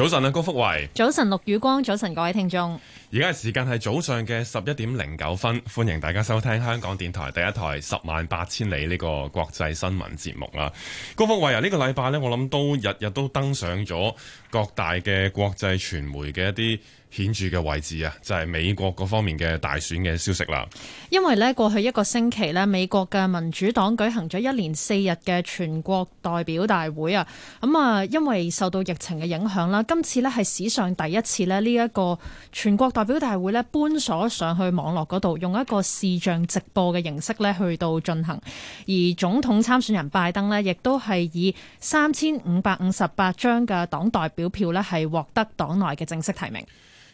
早晨啊，高福慧，早晨陸宇光，早晨各位聽眾，而家時間係早上嘅十一點零九分，歡迎大家收聽香港電台第一台十萬八千里呢個國際新聞節目啦。高福慧啊，呢、這個禮拜咧，我諗都日日都登上咗各大嘅國際傳媒嘅一啲。顯著嘅位置啊，就係美國嗰方面嘅大選嘅消息啦。因為呢，過去一個星期呢，美國嘅民主黨舉行咗一連四日嘅全國代表大會啊。咁啊，因為受到疫情嘅影響啦，今次呢係史上第一次呢，呢一個全國代表大會呢，搬所上去網絡嗰度，用一個視像直播嘅形式呢去到進行。而總統參選人拜登呢，亦都係以三千五百五十八張嘅黨代表票呢，係獲得黨內嘅正式提名。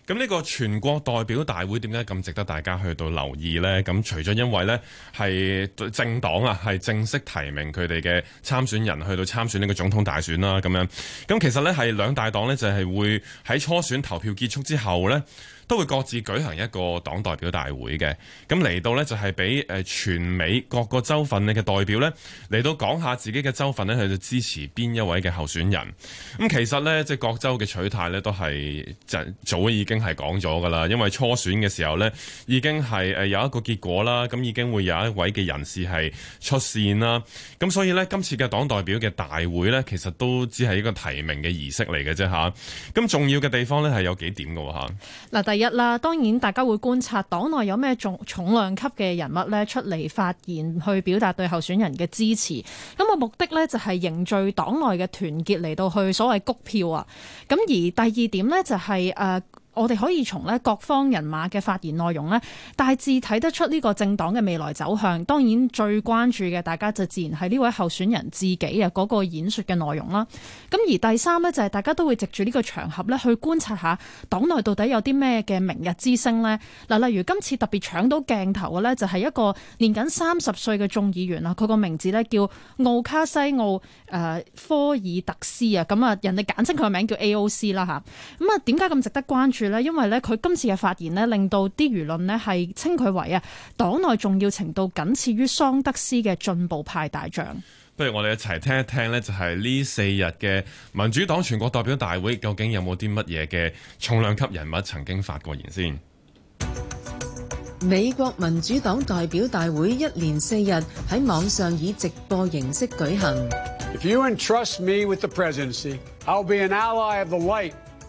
咁呢個全國代表大會點解咁值得大家去到留意呢？咁除咗因為呢係政黨啊，係正式提名佢哋嘅參選人去到參選呢個總統大選啦，啊，咁樣，咁其實呢係兩大黨呢，就係、是、會喺初選投票結束之後呢。都會各自舉行一個黨代表大會嘅，咁嚟到呢，就係俾誒全美各個州份嘅代表呢，嚟到講下自己嘅州份呢，去到支持邊一位嘅候選人。咁其實呢，即係各州嘅取態呢，都係就早已經係講咗㗎喇，因為初選嘅時候呢，已經係有一個結果啦，咁已經會有一位嘅人士係出線啦。咁所以呢，今次嘅黨代表嘅大會呢，其實都只係一個提名嘅儀式嚟嘅啫嚇。咁重要嘅地方呢，係有幾點㗎嚇。第一啦，當然大家會觀察黨內有咩重重量級嘅人物咧出嚟發言，去表達對候選人嘅支持。咁個目的咧就係凝聚黨內嘅團結嚟到去所謂谷票啊。咁而第二點咧就係、是、誒。呃我哋可以從咧各方人馬嘅發言內容咧，大致睇得出呢個政黨嘅未來走向。當然最關注嘅，大家就自然係呢位候選人自己啊嗰個演說嘅內容啦。咁而第三咧就係、是、大家都會藉住呢個場合咧去觀察下黨內到底有啲咩嘅明日之星咧。嗱，例如今次特別搶到鏡頭嘅咧，就係一個年僅三十歲嘅眾議員啊。佢個名字咧叫奧卡西奧誒、呃、科爾特斯啊。咁啊，人哋簡稱佢個名叫 AOC 啦吓，咁啊，點解咁值得關注？因為咧，佢今次嘅發言咧，令到啲輿論咧係稱佢為啊黨內重要程度僅次於桑德斯嘅進步派大將。不如我哋一齊聽一聽呢，就係呢四日嘅民主黨全國代表大會，究竟有冇啲乜嘢嘅重量級人物曾經發過言先？美國民主黨代表大會一連四日喺網上以直播形式舉行。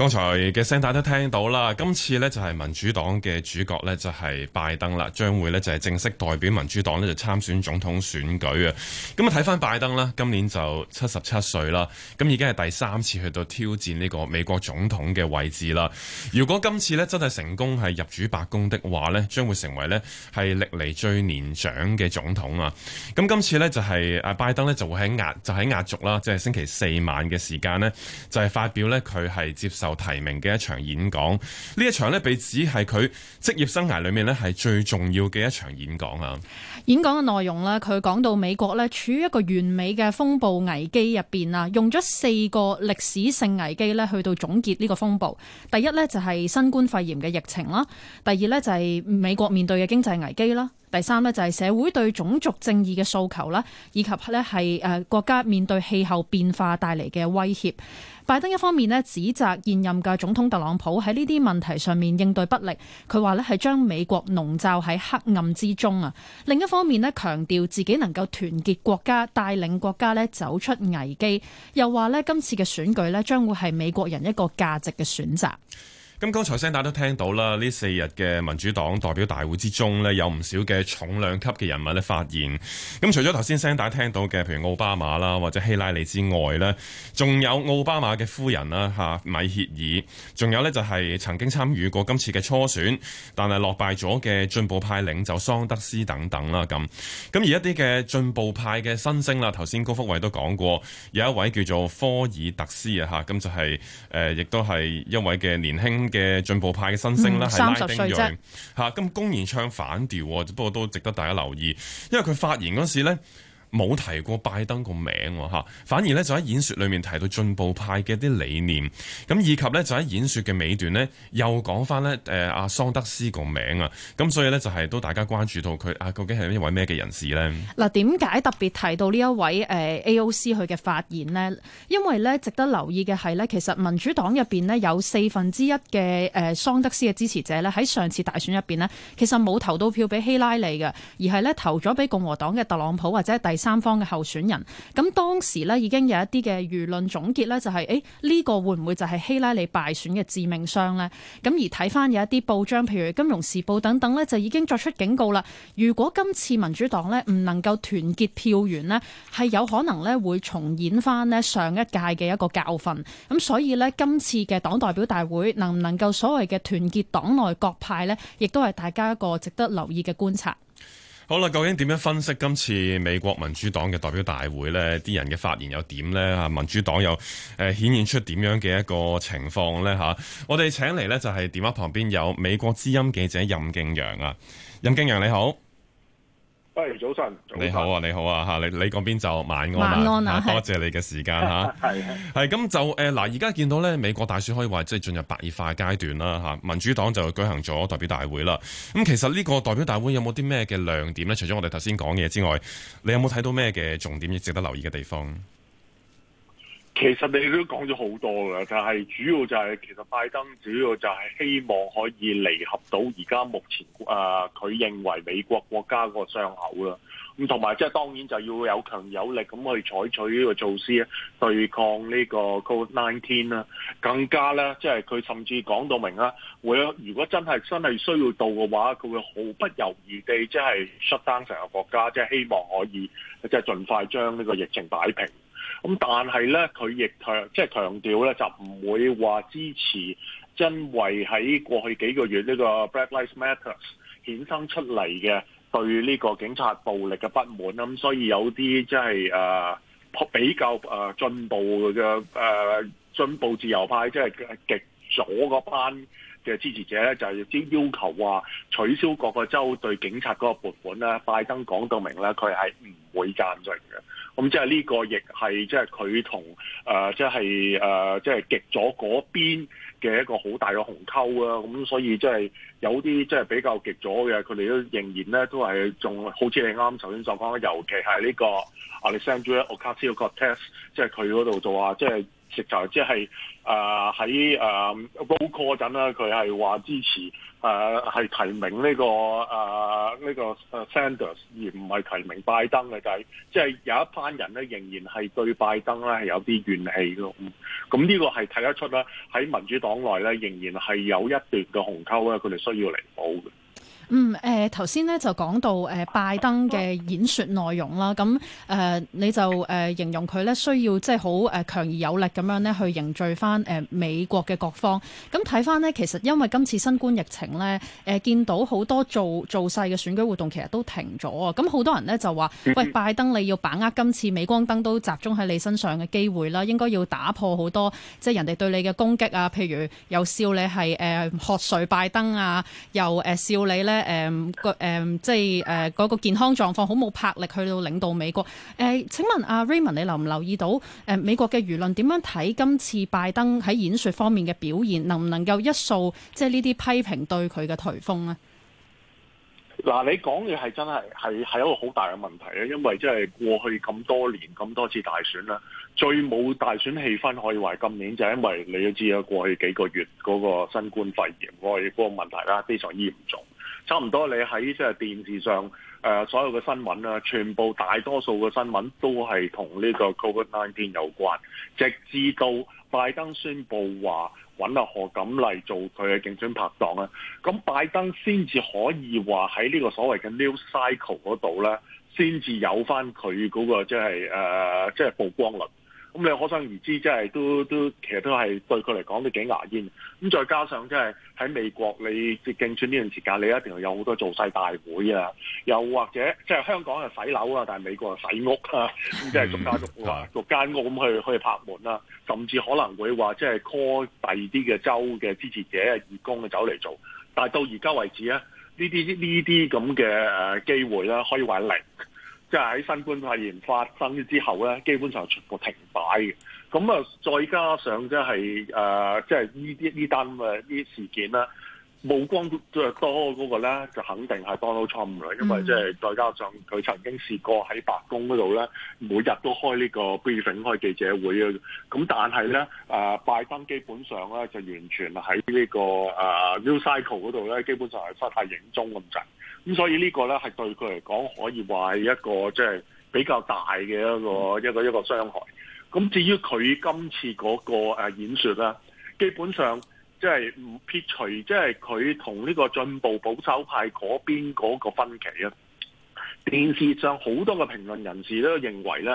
剛才嘅聲帶都聽到啦，今次呢，就係民主黨嘅主角呢就係拜登啦，將會呢，就係正式代表民主黨呢就參選總統選舉啊。咁啊睇翻拜登啦，今年就七十七歲啦，咁已經係第三次去到挑戰呢個美國總統嘅位置啦。如果今次呢真係成功係入主白宮的話呢，將會成為呢係歷嚟最年長嘅總統啊。咁今次呢，就係拜登呢就會喺壓就喺壓軸啦，即係星期四晚嘅時間呢，就係、是、發表呢佢係接受。提名嘅一場演講，呢一場呢被指係佢職業生涯裏面呢係最重要嘅一場演講啊！演講嘅內容呢，佢講到美國呢處於一個完美嘅風暴危機入邊啊，用咗四個歷史性危機呢去到總結呢個風暴。第一呢就係新冠肺炎嘅疫情啦，第二呢就係美國面對嘅經濟危機啦。第三咧就係社會對種族正義嘅訴求啦，以及咧係誒國家面對氣候變化帶嚟嘅威脅。拜登一方面咧指責現任嘅總統特朗普喺呢啲問題上面應對不力，佢話咧係將美國籠罩喺黑暗之中啊。另一方面咧強調自己能夠團結國家，帶領國家咧走出危機，又話咧今次嘅選舉咧將會係美國人一個價值嘅選擇。咁剛才聲帶都聽到啦，呢四日嘅民主黨代表大會之中咧，有唔少嘅重量級嘅人物咧發言。咁除咗頭先聲帶聽到嘅，譬如奧巴馬啦，或者希拉里之外咧，仲有奧巴馬嘅夫人啦，吓米歇爾仲有咧就係曾經參與過今次嘅初選，但係落敗咗嘅進步派領袖桑德斯等等啦。咁咁而一啲嘅進步派嘅新星啦，頭先高福偉都講過有一位叫做科爾特斯啊，吓、就是，咁就係誒亦都係一位嘅年輕。嘅進步派嘅新星啦，係、嗯、拉丁裔吓，咁公然唱反調，不過都值得大家留意，因為佢發言嗰時咧。冇提過拜登個名喎嚇，反而呢就喺演說裡面提到進步派嘅一啲理念，咁以及呢就喺演說嘅尾段呢又講翻呢誒阿桑德斯個名啊，咁所以呢，就係都大家關注到佢啊究竟係一位咩嘅人士呢？嗱點解特別提到呢一位誒 AOC 佢嘅發言呢？因為呢，值得留意嘅係呢，其實民主黨入邊呢有四分之一嘅誒桑德斯嘅支持者呢，喺上次大選入邊呢，其實冇投到票俾希拉里嘅，而係呢投咗俾共和黨嘅特朗普或者第三方嘅候選人，咁當時呢已經有一啲嘅輿論總結呢、就是，就係誒呢個會唔會就係希拉里敗選嘅致命傷呢？咁而睇翻有一啲報章，譬如《金融時報》等等呢，就已經作出警告啦。如果今次民主黨呢唔能夠團結票源呢，係有可能呢會重演翻呢上一屆嘅一個教訓。咁所以呢，今次嘅黨代表大會能唔能夠所謂嘅團結黨內各派呢，亦都係大家一個值得留意嘅觀察。好啦，究竟點樣分析今次美國民主黨嘅代表大會呢？啲人嘅發言又點呢？民主黨又誒，顯現出點樣嘅一個情況呢？吓，我哋請嚟呢就係電話旁邊有美國之音記者任敬揚啊，任敬揚你好。早晨，早晨你好啊，你好啊，吓，你你嗰邊就晚安，晚安啊，多謝你嘅時間吓，係係咁就誒嗱，呃、而家見到咧，美國大選可以話即係進入白熱化階段啦，吓、啊、民主黨就舉行咗代表大會啦，咁、啊、其實呢個代表大會有冇啲咩嘅亮點咧？除咗我哋頭先講嘢之外，你有冇睇到咩嘅重點要值得留意嘅地方？其實你都講咗好多噶，但係主要就係、是、其實拜登主要就係希望可以彌合到而家目前啊，佢、呃、認為美國國家個傷口啦。咁同埋即係當然就要有強有力咁去採取呢個措施啊，對抗呢個 Covid nineteen 啦。19, 更加咧，即係佢甚至講到明啦，會如果真係真係需要到嘅話，佢會毫不猶豫地即係 shut down 成個國家，即、就、係、是、希望可以即係盡快將呢個疫情擺平。咁但係咧，佢亦強即係強調咧，就唔會話支持，因為喺過去幾個月呢個 Black Lives Matter 衍生出嚟嘅對呢個警察暴力嘅不滿。咁所以有啲即係誒比較誒進步嘅誒進步自由派，即係極左嗰班嘅支持者咧，就亦都要求話取消各個州對警察嗰個撥款啦。拜登講到明啦，佢係唔會贊成嘅。咁即係呢個亦係即係佢同誒即係誒、呃、即係極左嗰邊嘅一個好大嘅鴻溝啊！咁所以即係有啲即係比較極左嘅，佢哋都仍然咧都係仲好似你啱頭先所講嘅，尤其係呢個 Alexandria Ocasio-Cortez，即係佢嗰度做啊，即係。食就即係啊喺啊報刊嗰陣啦，佢係話支持啊係、呃、提名呢、呢個啊呢、呃呢個 Sanders 而唔係提名拜登嘅，但係即係有一班人咧仍然係對拜登咧係有啲怨氣咯。咁呢個係睇得出啦，喺民主黨內咧仍然係有一段嘅鴻溝咧，佢哋需要嚟補嘅。嗯，誒頭先咧就講到誒、呃、拜登嘅演說內容啦，咁、嗯、誒、呃、你就誒、呃、形容佢咧需要即係好誒強而有力咁樣咧去凝聚翻誒、呃、美國嘅各方。咁睇翻咧，其實因為今次新冠疫情咧，誒、呃、見到好多做做勢嘅選舉活動其實都停咗啊。咁、嗯、好多人咧就話喂，拜登你要把握今次美光燈都集中喺你身上嘅機會啦，應該要打破好多即係人哋對你嘅攻擊啊。譬如又笑你係誒、呃、渴睡拜登啊，又誒、呃、笑你咧。誒，個誒、嗯嗯，即係誒，嗰、呃、個健康狀況好冇魄力去到領導美國。誒、呃，請問阿、啊、Raymond，你留唔留意到誒、呃、美國嘅輿論點樣睇今次拜登喺演說方面嘅表現，能唔能夠一掃即係呢啲批評對佢嘅台風呢？嗱，你講嘅係真係係係一個好大嘅問題啊，因為即係過去咁多年咁多次大選啦，最冇大選氣氛可以話係今年，就係、是、因為你都知啊，過去幾個月嗰個新冠肺炎嗰、那個問題啦，非常嚴重。差唔多你喺即係電視上誒、呃、所有嘅新聞啊，全部大多數嘅新聞都係同呢個 COVID nineteen 有關，直至到拜登宣布話揾阿賀錦麗做佢嘅競選拍檔啊，咁拜登先至可以話喺呢個所謂嘅 News Cycle 嗰度咧，先至有返佢嗰個即係誒即係曝光率。咁你可想而知，即係都都其實都係對佢嚟講都幾牙煙。咁再加上即係喺美國，你即係競選呢段時間，你一定有好多造勢大會啊。又或者即係香港係洗樓啊，但係美國係洗屋啊，即係逐家逐戶逐間屋咁去去拍門啦。甚至可能會話即係 call 第二啲嘅州嘅支持者、義工嘅走嚟做。但係到而家為止咧，呢啲呢啲咁嘅誒機會咧，可以話零。即係喺新冠肺炎發生之後咧，基本上是全部停擺嘅。咁啊，再加上即係誒，即係呢啲呢單誒呢事件啦。目光最多嗰個咧，就肯定係 Donald Trump 啦，因為即係再加上佢曾經試過喺白宮嗰度咧，每日都開呢個 briefing、開記者會啊。咁但係咧，拜登基本上咧就完全喺呢個啊 New Cycle 嗰度咧，基本上係失態影蹤咁滯。咁所以呢個咧係對佢嚟講可以話係一個即係比較大嘅一個一個、嗯、一個傷害。咁至於佢今次嗰個演說咧，基本上。即係唔撇除，即係佢同呢個進步保守派嗰邊嗰個分歧啊，電視上好多嘅評論人士都認為咧，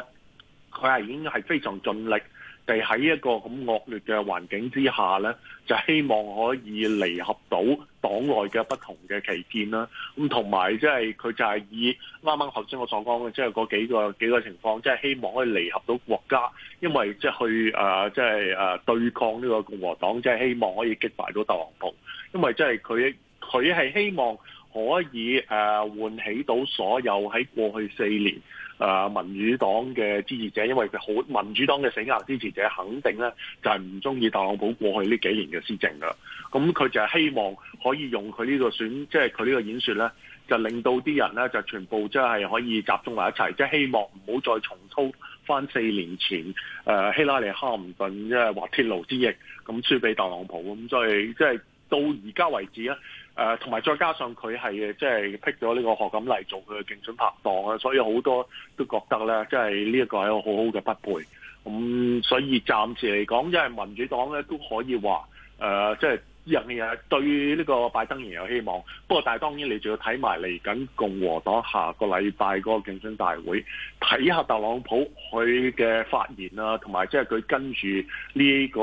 佢係已經係非常盡力。就喺一個咁惡劣嘅環境之下咧，就希望可以彌合到黨內嘅不同嘅歧見啦。咁同埋即係佢就係以啱啱頭先我所講嘅，即係嗰幾個幾個情況，即係希望可以彌合到國家，因為即係去誒即係誒對抗呢個共和黨，即係希望可以擊敗到特朗普，因為即係佢佢係希望可以誒、呃、喚起到所有喺過去四年。誒、啊、民主黨嘅支持者，因為佢好民主黨嘅死硬支持者，肯定咧就係唔中意特朗普過去呢幾年嘅施政啦。咁佢就係希望可以用佢呢個選即係佢呢個演說咧，就令到啲人咧就全部即係可以集中埋一齊，即、就、係、是、希望唔好再重操翻四年前、啊、希拉里哈唔頓即係滑鐵盧之役咁輸俾特朗普咁，所以即係、就是、到而家為止啊！誒，同埋再加上佢係即係闢咗呢個賀錦麗做佢嘅競選拍檔啊，所以好多都覺得咧，即係呢一個係個好好嘅匹配，咁所以暫時嚟講，因為民主黨咧都可以話誒即係人哋啊對呢個拜登仍有希望。不過但係當然你仲要睇埋嚟緊共和黨下個禮拜嗰個競選大會，睇下特朗普佢嘅發言啊，同埋即係佢跟住呢個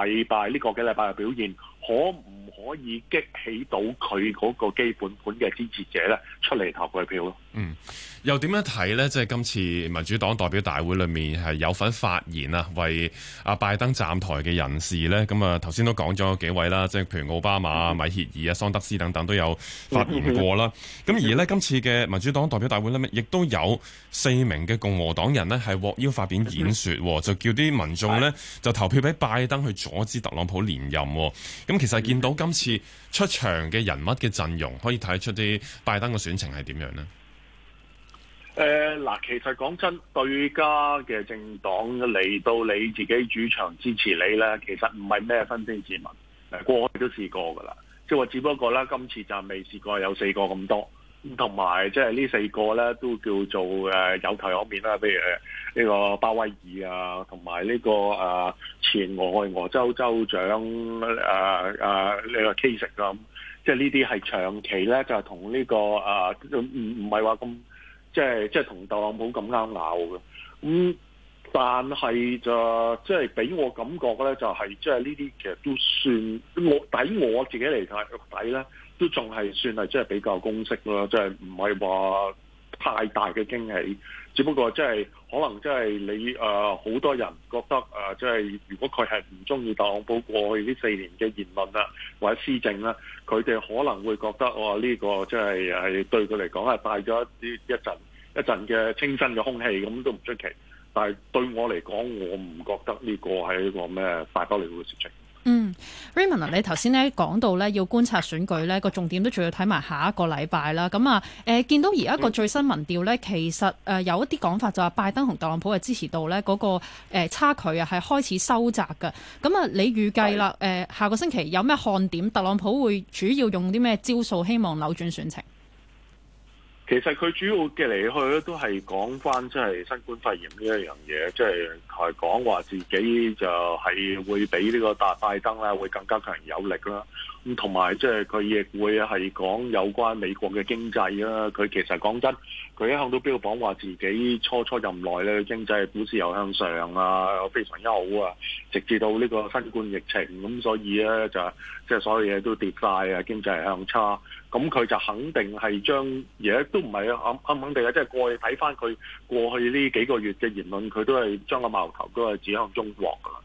禮拜呢個幾禮拜嘅表現可唔？可以激起到佢嗰個基本盤嘅支持者咧，出嚟投佢票咯。嗯，又點樣睇呢？即係今次民主黨代表大會裏面係有份發言啊，為阿、啊、拜登站台嘅人士呢。咁、嗯、啊，頭先都講咗幾位啦，即係譬如奧巴馬、米歇爾啊、桑德斯等等都有發言過啦。咁、嗯嗯嗯、而呢，今次嘅民主黨代表大會裏面亦都有四名嘅共和黨人呢，係獲邀發表演說，嗯哦、就叫啲民眾呢，就投票俾拜登去阻止特朗普連任、哦。咁、嗯、其實見到今次出場嘅人物嘅陣容，可以睇出啲拜登嘅選情係點樣呢？誒，嗱、呃，其實講真，對家嘅政黨嚟到你自己主場支持你咧，其實唔係咩分清自民，過去都試過噶啦。即係話，只不過咧，今次就未試過有四個咁多，同埋即係呢四個咧，都叫做誒有頭有面啦。譬如呢個鮑威爾啊，同埋呢個誒、啊、前俄亥俄州州長誒誒呢個、Kasich 咁，即係呢啲係長期咧就係同呢個誒唔唔係話咁。即係即係同特朗普咁啱咬嘅，咁、嗯、但係就即係俾我感覺咧，就係、是、即係呢啲其實都算我抵我自己嚟睇咧，都仲係算係即係比較公式咯，即係唔係話太大嘅驚喜。只不過、就是，即係可能就是，即係你誒，好多人覺得誒，即、呃、係、就是、如果佢係唔中意特朗普過去呢四年嘅言論啦、啊，或者施政啦、啊，佢哋可能會覺得哇，呢、哦這個即係係對佢嚟講係帶咗一啲一陣一陣嘅清新嘅空氣，咁都唔出奇。但係對我嚟講，我唔覺得呢個係一個咩大不了嘅事情。嗯，Raymond，你頭先咧講到咧要觀察選舉咧個重點，都仲要睇埋下一個禮拜啦。咁啊，誒見到而家個最新民調咧，嗯、其實誒有一啲講法就話拜登同特朗普嘅支持度咧嗰個差距啊，係開始收窄㗎。咁啊，你預計啦誒對下個星期有咩看點？特朗普會主要用啲咩招數希望扭轉選情？其實佢主要嘅嚟去咧，都係講翻即係新冠肺炎呢一樣嘢，即係。台講話自己就係會比呢個大拜登啦，會更加強有力啦。咁同埋即係佢亦會係講有關美國嘅經濟啦。佢其實講真，佢一向都標榜話自己初初任內咧經濟股市又向上啊，非常之好啊。直至到呢個新冠疫情咁，所以咧就即係所有嘢都跌晒啊，經濟向差。咁佢就肯定係將嘢都唔係啱啱肯定啊，即係過去睇翻佢過去呢幾個月嘅言論，佢都係將阿、那、馬、個頭都係指向中國噶啦，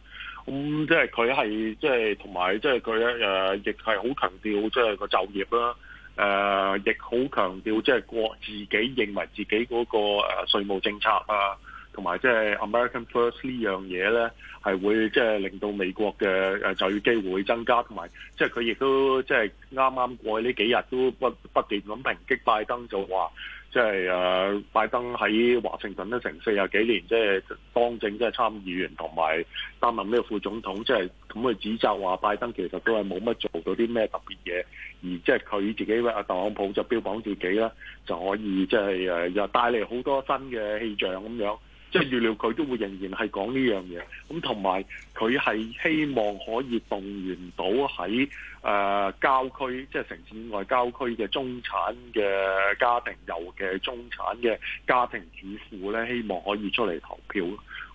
咁即係佢係即係同埋即係佢咧誒，亦係好強調即係個就業啦，誒亦好強調即係國自己認為自己嗰個誒稅務政策啊，同埋即係 American First 這件事呢樣嘢咧，係會即係令到美國嘅誒就業機會增加，同埋即係佢亦都即係啱啱過去呢幾日都不不斷咁抨擊拜登就話。即係誒，拜登喺華盛頓一成四十幾年，即係當政，即係參議員同埋擔任呢個副總統，即係咁佢指責話拜登其實都係冇乜做到啲咩特別嘢，而即係佢自己阿特朗普就標榜自己啦，就可以即係誒又帶嚟好多新嘅氣象咁樣，即係預料佢都會仍然係講呢樣嘢，咁同埋佢係希望可以動員到喺。誒郊區，即係城市外郊區嘅中產嘅家庭，有嘅中產嘅家庭主婦咧，希望可以出嚟投票。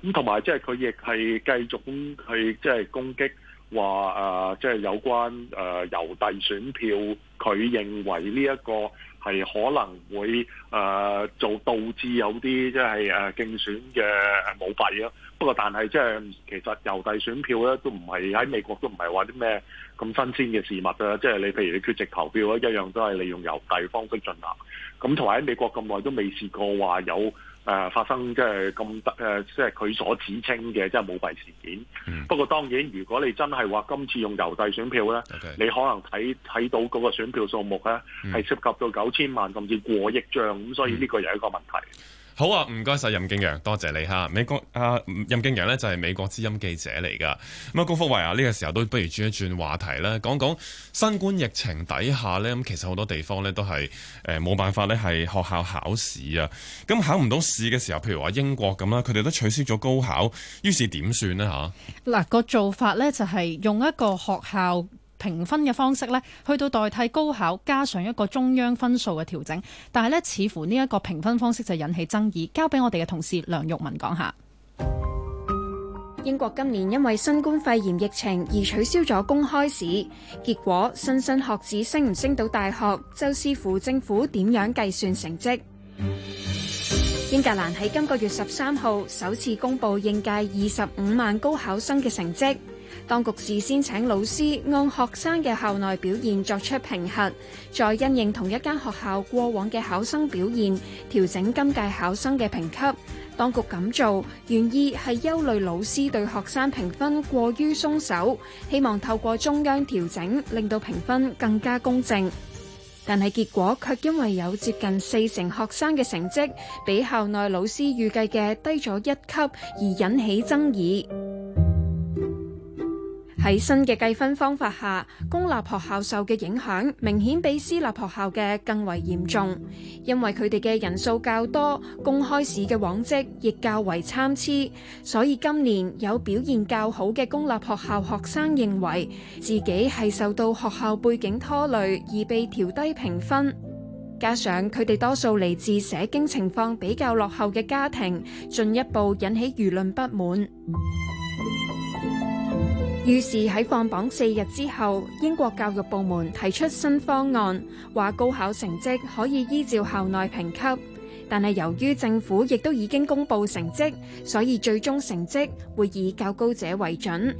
咁同埋，即係佢亦係繼續去即係攻擊，話誒，即係有關誒郵遞選票，佢認為呢一個。係可能會誒、呃、做導致有啲即係誒競選嘅舞弊咯。不過但係即係其實郵遞選票咧都唔係喺美國都唔係話啲咩咁新鮮嘅事物啦。即係你譬如你缺席投票一樣都係利用郵遞方式進行。咁同埋喺美國咁耐都未試過話有。誒、呃、發生即係咁得即係佢所指稱嘅即係舞弊事件。嗯、不過當然，如果你真係話今次用郵遞選票咧，Okay. 你可能睇睇到嗰個選票數目咧係涉及到九千萬甚至過億張，咁所以呢個又係一個問題。嗯嗯。好啊，唔該晒任敬陽，多謝你吓。美國啊，任敬陽呢就係美國之音記者嚟噶。咁啊，高福偉啊，呢個時候都不如轉一轉話題啦，講講新冠疫情底下呢，咁其實好多地方咧都係誒冇辦法呢係學校考試啊。咁考唔到試嘅時候，譬如話英國咁啦，佢哋都取消咗高考，於是點算呢？吓？嗱，個做法呢就係用一個學校。評分嘅方式咧，去到代替高考，加上一個中央分數嘅調整，但係咧，似乎呢一個評分方式就引起爭議。交俾我哋嘅同事梁鈺雯講下。英國今年因為新冠肺炎疫情而取消咗公開試，結果莘莘學子升唔升到大學？周師傅政府點樣計算成績？英格蘭喺今個月十三號首次公布應屆二十五萬高考生嘅成績。當局事先請老師按學生嘅校內表現作出評核，再因應同一間學校過往嘅考生表現，調整今屆考生嘅評級。當局咁做，原意係憂慮老師對學生評分過於鬆手，希望透過中央調整令到評分更加公正。但係結果卻因為有接近四成學生嘅成績，比校內老師預計嘅低咗一級而引起爭議。喺新嘅計分方法下，公立學校受嘅影響明顯比私立學校嘅更為嚴重，因為佢哋嘅人數較多，公開試嘅往績亦較為參差，所以今年有表現較好嘅公立學校學生認為自己係受到學校背景拖累而被調低評分，加上佢哋多數嚟自社經情況比較落後嘅家庭，進一步引起輿論不滿。於是喺放榜四日之後，英國教育部門提出新方案，話高考成績可以依照校內評級，但係由於政府亦都已經公布成績，所以最終成績會以較高者為準。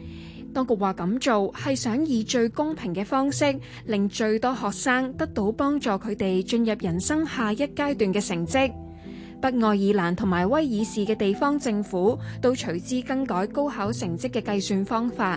當局話咁做係想以最公平嘅方式，令最多學生得到幫助，佢哋進入人生下一階段嘅成績。北愛爾蘭同埋威爾士嘅地方政府都隨之更改高考成績嘅計算方法。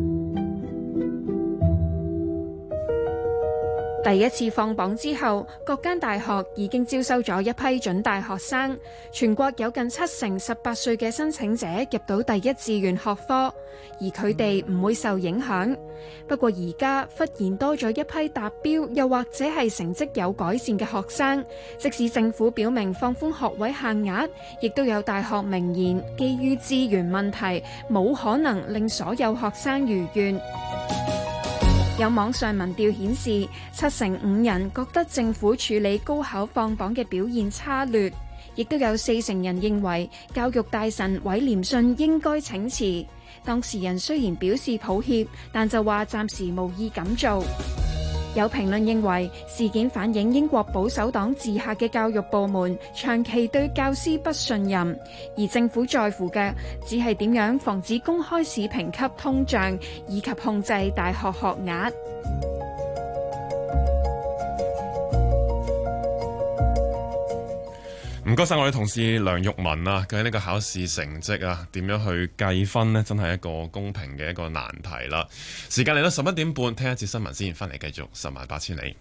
第一次放榜之後，各間大學已經招收咗一批準大學生，全國有近七成十八歲嘅申請者入到第一志願學科，而佢哋唔會受影響。不過而家忽然多咗一批達標又或者係成績有改善嘅學生，即使政府表明放寬學位限額，亦都有大學明言基於資源問題，冇可能令所有學生如願。有網上民調顯示，七成五人覺得政府處理高考放榜嘅表現差劣，亦都有四成人認為教育大臣韋廉信應該請辭。當事人雖然表示抱歉，但就話暫時無意咁做。有評論認為，事件反映英國保守黨治下嘅教育部門長期對教師不信任，而政府在乎嘅只係點樣防止公開試評級通脹，以及控制大學學額。唔該晒，謝謝我哋同事梁鈺雯啊，佢呢個考試成績啊，點樣去計分呢？真係一個公平嘅一個難題啦。時間嚟到十一點半，聽一節新聞先，翻嚟繼續十萬八千里。